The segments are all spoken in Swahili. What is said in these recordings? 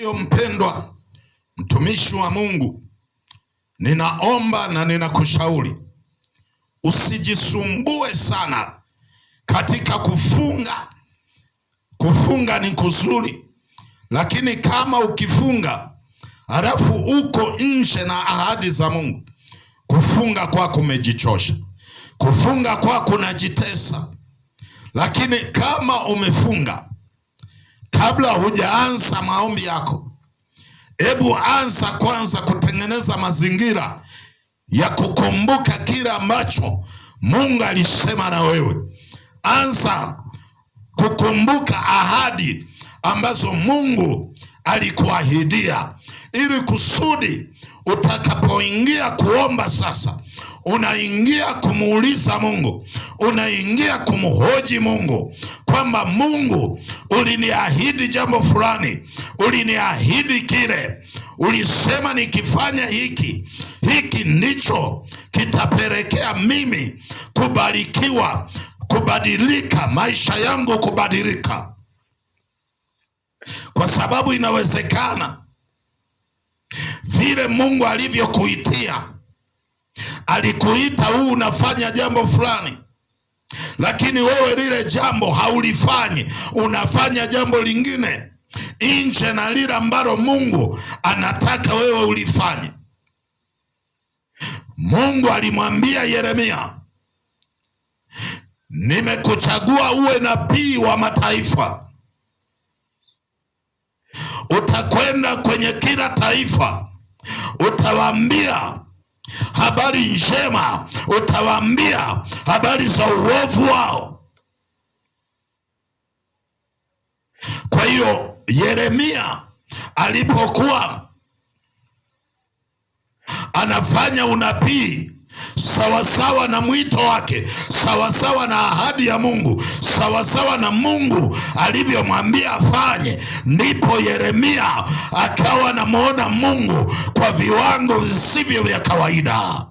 Hiyo mpendwa mtumishi wa Mungu, ninaomba na ninakushauri usijisumbue sana katika kufunga. Kufunga ni kuzuri, lakini kama ukifunga halafu uko nje na ahadi za Mungu, kufunga kwako kumejichosha kufunga kwako kunajitesa. Lakini kama umefunga kabla hujaanza maombi yako, hebu anza kwanza kutengeneza mazingira ya kukumbuka kila ambacho Mungu alisema na wewe. Anza kukumbuka ahadi ambazo Mungu alikuahidia, ili kusudi utakapoingia kuomba sasa, unaingia kumuuliza Mungu, unaingia kumhoji Mungu, kwamba Mungu uliniahidi jambo fulani, uliniahidi kile, ulisema nikifanya hiki, hiki ndicho kitapelekea mimi kubarikiwa, kubadilika, maisha yangu kubadilika, kwa sababu inawezekana vile Mungu alivyokuitia, alikuita huu unafanya jambo fulani lakini wewe lile jambo haulifanyi, unafanya jambo lingine nje na lile ambalo Mungu anataka wewe ulifanye. Mungu alimwambia Yeremia, nimekuchagua uwe nabii wa mataifa, utakwenda kwenye kila taifa, utawaambia habari njema, utawaambia habari za uovu wao. Kwa hiyo Yeremia alipokuwa anafanya unabii sawasawa na mwito wake, sawasawa na ahadi ya Mungu, sawasawa na Mungu alivyomwambia afanye, ndipo Yeremia akawa anamwona Mungu kwa viwango visivyo vya kawaida.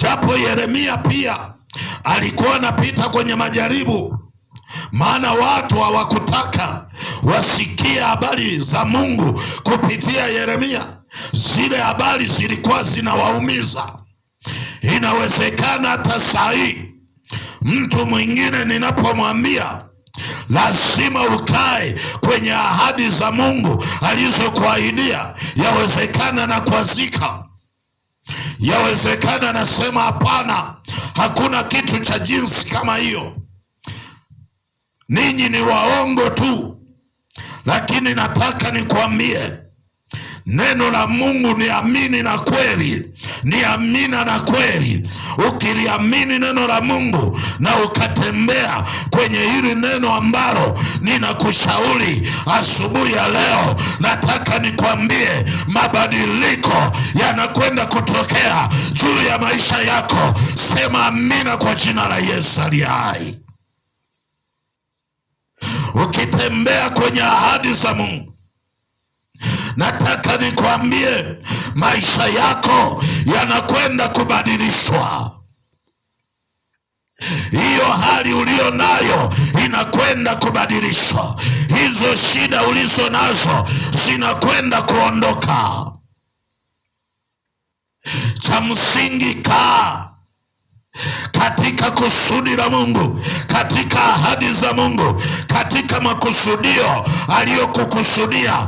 japo Yeremia pia alikuwa anapita kwenye majaribu, maana watu hawakutaka wasikie habari za Mungu kupitia Yeremia. Zile habari zilikuwa zinawaumiza. Inawezekana hata saa hii mtu mwingine ninapomwambia lazima ukae kwenye ahadi za Mungu alizokuahidia, yawezekana na kuazika Yawezekana anasema hapana, hakuna kitu cha jinsi kama hiyo, ninyi ni waongo tu. Lakini nataka nikuambie neno la Mungu ni amini na kweli, ni amina na kweli. Ukiliamini neno la Mungu na ukatembea kwenye hili neno ambalo ninakushauri asubuhi ya leo, nataka nikwambie mabadiliko yanakwenda juu ya maisha yako. Sema amina kwa jina la Yesu aliye hai. Ukitembea kwenye ahadi za Mungu, nataka nikwambie maisha yako yanakwenda kubadilishwa. Hiyo hali uliyo nayo inakwenda kubadilishwa. Hizo shida ulizo nazo zinakwenda kuondoka. Cha msingi kaa katika kusudi la Mungu, katika ahadi za Mungu, katika makusudio aliyokukusudia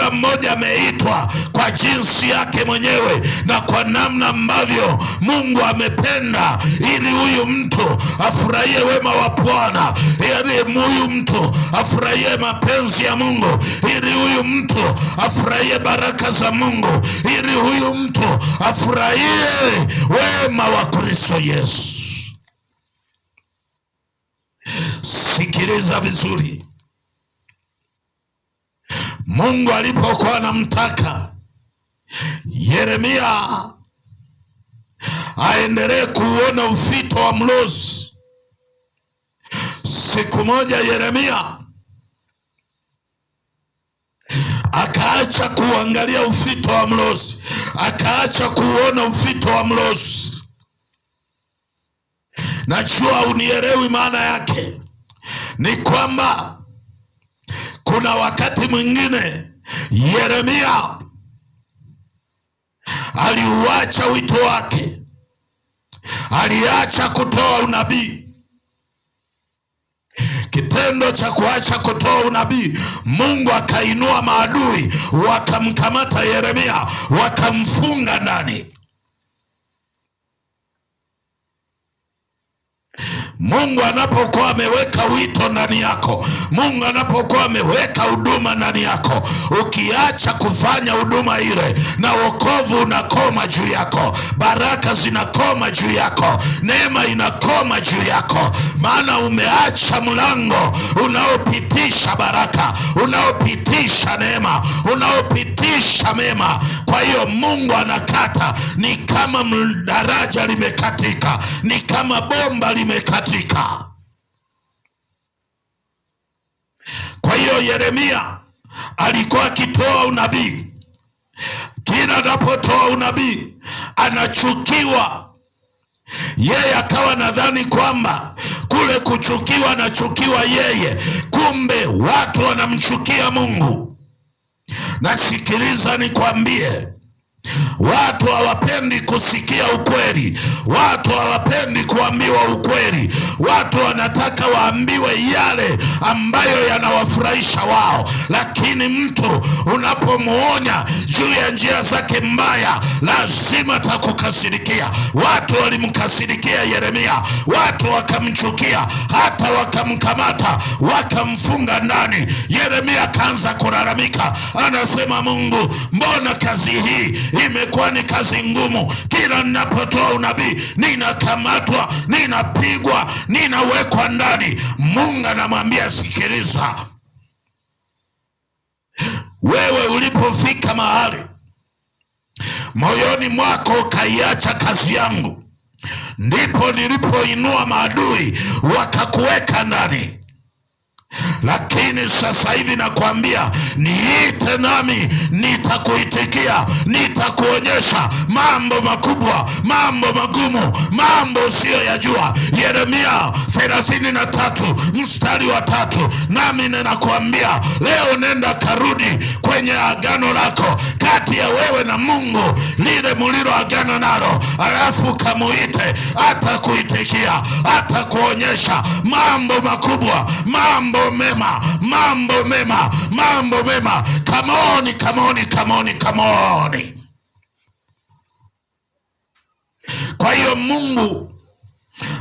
kila mmoja ameitwa kwa jinsi yake mwenyewe na kwa namna ambavyo Mungu amependa, ili huyu mtu afurahie wema wa Bwana, ili huyu mtu afurahie mapenzi ya Mungu, ili huyu mtu afurahie baraka za Mungu, ili huyu mtu afurahie wema wa Kristo Yesu. Sikiliza vizuri. Mungu alipokuwa anamtaka Yeremia aendelee kuuona ufito wa mlozi, siku moja Yeremia akaacha kuangalia ufito wa mlozi, akaacha kuuona ufito wa mlozi. Najua unielewi maana yake ni kwamba kuna wakati mwingine Yeremia aliuacha wito wake, aliacha kutoa unabii. Kitendo cha kuacha kutoa unabii, Mungu akainua maadui wakamkamata Yeremia, wakamfunga ndani Mungu anapokuwa ameweka wito ndani yako, Mungu anapokuwa ameweka huduma ndani yako, ukiacha kufanya huduma ile, na wokovu unakoma juu yako, baraka zinakoma juu yako, neema inakoma juu yako, maana umeacha mlango unaopitisha baraka, unaopitisha neema, unaopitisha mema. Kwa hiyo Mungu anakata, ni kama daraja limekatika, ni kama bomba limekatika kukatika. Kwa hiyo Yeremia alikuwa akitoa unabii, kila anapotoa unabii anachukiwa. Yeye akawa nadhani kwamba kule kuchukiwa anachukiwa yeye, kumbe watu wanamchukia Mungu. Nasikiliza nikwambie Watu hawapendi kusikia ukweli, watu hawapendi kuambiwa ukweli. Watu wanataka waambiwe yale ambayo yanawafurahisha wao, lakini mtu unapomwonya juu ya njia zake mbaya, lazima atakukasirikia. Watu walimkasirikia Yeremia, watu wakamchukia, hata wakamkamata, wakamfunga ndani. Yeremia akaanza kulalamika, anasema, Mungu, mbona kazi hii imekuwa ni kazi ngumu. Kila ninapotoa unabii ninakamatwa, ninapigwa, ninawekwa ndani. Mungu anamwambia sikiliza, wewe ulipofika mahali moyoni mwako ukaiacha kazi yangu, ndipo nilipoinua maadui wakakuweka ndani lakini sasa hivi nakwambia, niite nami nitakuitikia, nitakuonyesha mambo makubwa, mambo magumu, mambo usiyoyajua. Yeremia 33 mstari wa tatu. Nami ninakwambia leo, nenda karudi kwenye agano lako kati ya wewe na Mungu lile muliloagana nalo, alafu kamuite, atakuitikia, atakuonyesha mambo makubwa, mambo mema, mambo mema, mambo mema. Kamoni, kamoni, kamoni, kamoni. Kwa hiyo Mungu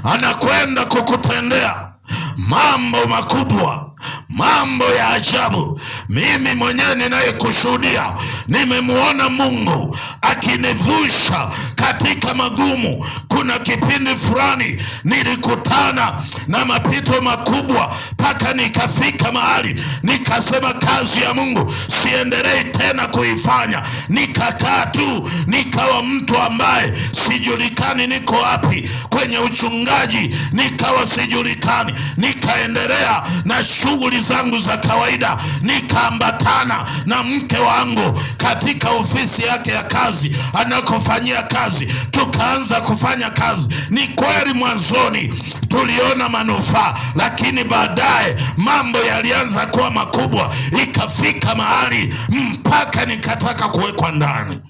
anakwenda kukutendea mambo makubwa, mambo ya ajabu. Mimi mwenyewe ninayekushuhudia nimemwona Mungu akinivusha katika magumu. Kuna kipindi fulani nilikutana na mapito makubwa mpaka nikafika mahali nikasema, kazi ya Mungu siendelei tena kuifanya. Nikakaa tu nikawa mtu ambaye sijulikani niko wapi, kwenye uchungaji nikawa sijulikani, nikaendelea na shughuli zangu za kawaida, nikaambatana na mke wangu katika ofisi yake ya kazi anakofanyia kazi, tukaanza kufanya kazi. Ni kweli mwanzoni tuliona manufaa, lakini baadaye mambo yalianza kuwa makubwa, ikafika mahali mpaka nikataka kuwekwa ndani,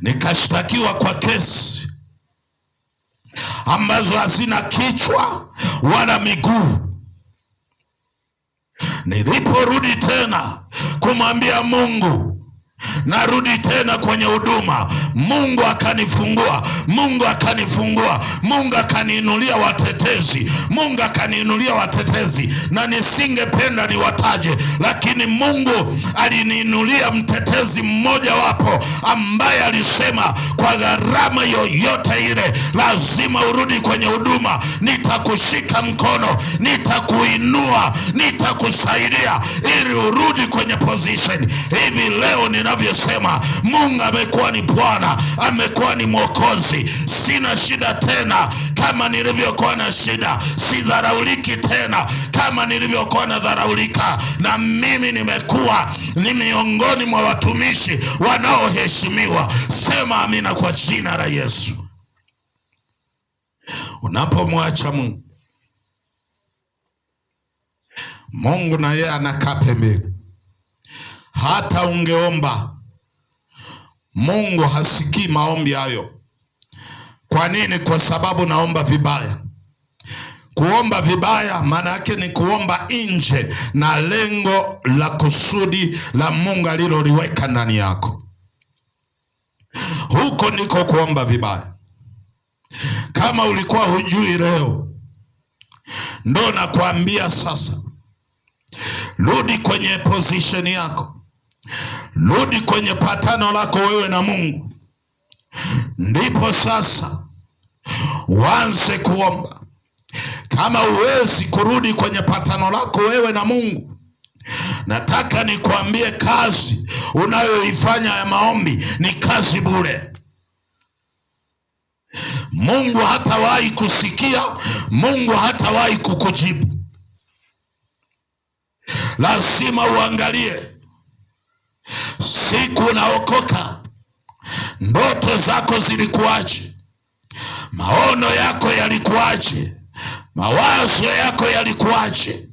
nikashtakiwa kwa kesi ambazo hazina kichwa wala miguu. Niliporudi tena kumwambia Mungu Narudi tena kwenye huduma, Mungu akanifungua, Mungu akanifungua, Mungu akaniinulia watetezi, Mungu akaniinulia watetezi, na nisingependa niwataje, lakini Mungu aliniinulia mtetezi mmoja wapo ambaye alisema kwa gharama yoyote ile lazima urudi kwenye huduma, nitakushika mkono, nitakuinua, nitakusaidia ili urudi kwenye position. Hivi leo nina anavyosema. Mungu amekuwa ni Bwana, amekuwa ni Mwokozi. Sina shida tena kama nilivyokuwa na shida, sidharauliki tena kama nilivyokuwa na dharaulika na mimi nimekuwa ni miongoni mwa watumishi wanaoheshimiwa. Sema amina kwa jina la Yesu. Unapomwacha Mungu, Mungu na yeye anakaa pembeni hata ungeomba Mungu hasikii maombi hayo. Kwa nini? Kwa sababu naomba vibaya. Kuomba vibaya maana yake ni kuomba nje na lengo la kusudi la Mungu aliloliweka ndani yako. Huko ndiko kuomba vibaya. Kama ulikuwa hujui leo, ndo nakwambia sasa, rudi kwenye position yako. Rudi kwenye patano lako wewe na Mungu, ndipo sasa uanze kuomba. Kama uwezi kurudi kwenye patano lako wewe na Mungu, nataka nikuambie, kazi unayoifanya ya maombi ni kazi bure. Mungu hatawahi kusikia, Mungu hatawahi kukujibu. Lazima uangalie Siku unaokoka ndoto zako zilikuwaje? Maono yako yalikuwaje? Mawazo yako yalikuwaje?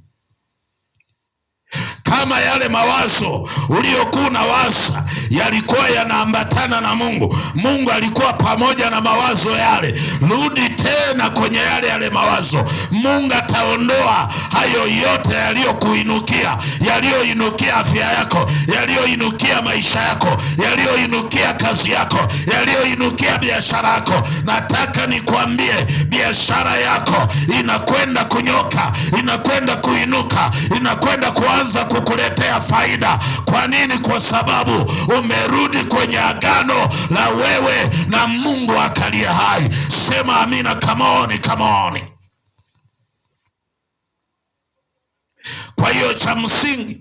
kama yale mawazo uliyokuwa wasa yalikuwa yanaambatana na Mungu, Mungu alikuwa pamoja na mawazo yale. Rudi tena kwenye yale yale mawazo, Mungu ataondoa hayo yote yaliyokuinukia, yaliyoinukia afya yako, yaliyoinukia maisha yako, yaliyoinukia kazi yako, yaliyoinukia biashara yako. Nataka nikwambie, biashara yako inakwenda kunyoka, inakwenda kuinuka, inakwenda kuanza ku kukuletea faida. Kwa nini? Kwa sababu umerudi kwenye agano la wewe na Mungu akalia hai. Sema amina. Kamaoni, kamaoni. Kwa hiyo cha msingi